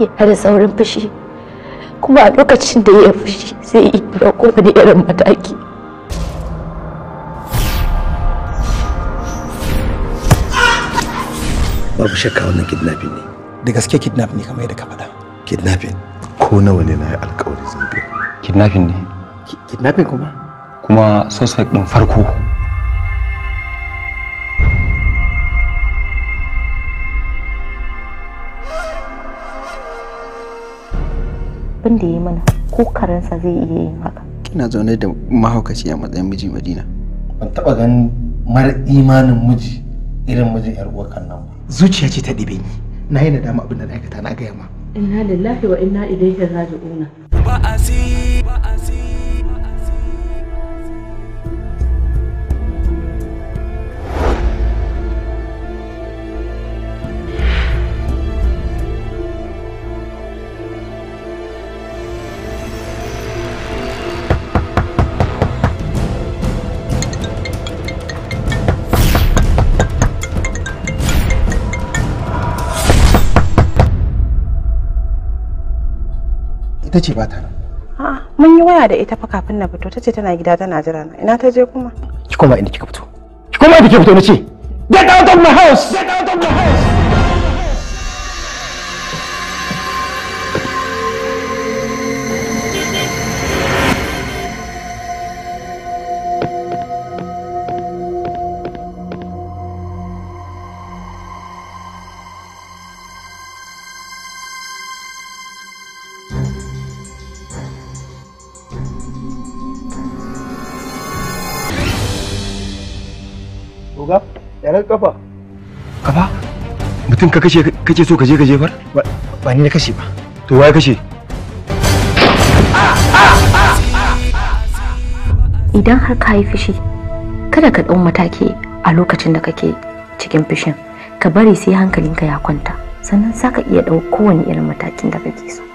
yana da saurin fushi kuma a lokacin da ya fushi sai ya ɗora kowane irin mataki babu shakka wannan kidnapping ne da gaske kidnap ne kamar yadda ka faɗa kidnapping ko nawa ne na yi alkawari zan biya kidnapping ne kidnapping kuma kuma suspect ɗin farko abin da ya mana ko karansa zai iya yin haka kina zaune da mahaukaci a matsayin miji madina ban taba ganin mara imanin miji irin mijin yar uwakan nan zuciya ce ta ɗibe ni na yi nadama abin da na aikata na gaya ma inna lillahi wa inna ilaihi raji'una ba'asi ba'asi ta ce ba ta nan mun yi waya da ita fa kafin na fito ta ce tana gida tana jira na ina ta je kuma ki koma inda kika fito ki koma inda kika fito na ce get out of my house get out of my house Oga, yanar kafa. Kafa? Mutum ka kashe kake so ka je ka jefar? Ba ni na kashe ba. To waye kashe? Idan har ka yi fushi, kada ka ɗau mataki a lokacin da kake cikin fushin. Ka bari sai hankalinka ya kwanta, sannan za ka iya ɗau kowane irin matakin da kake so.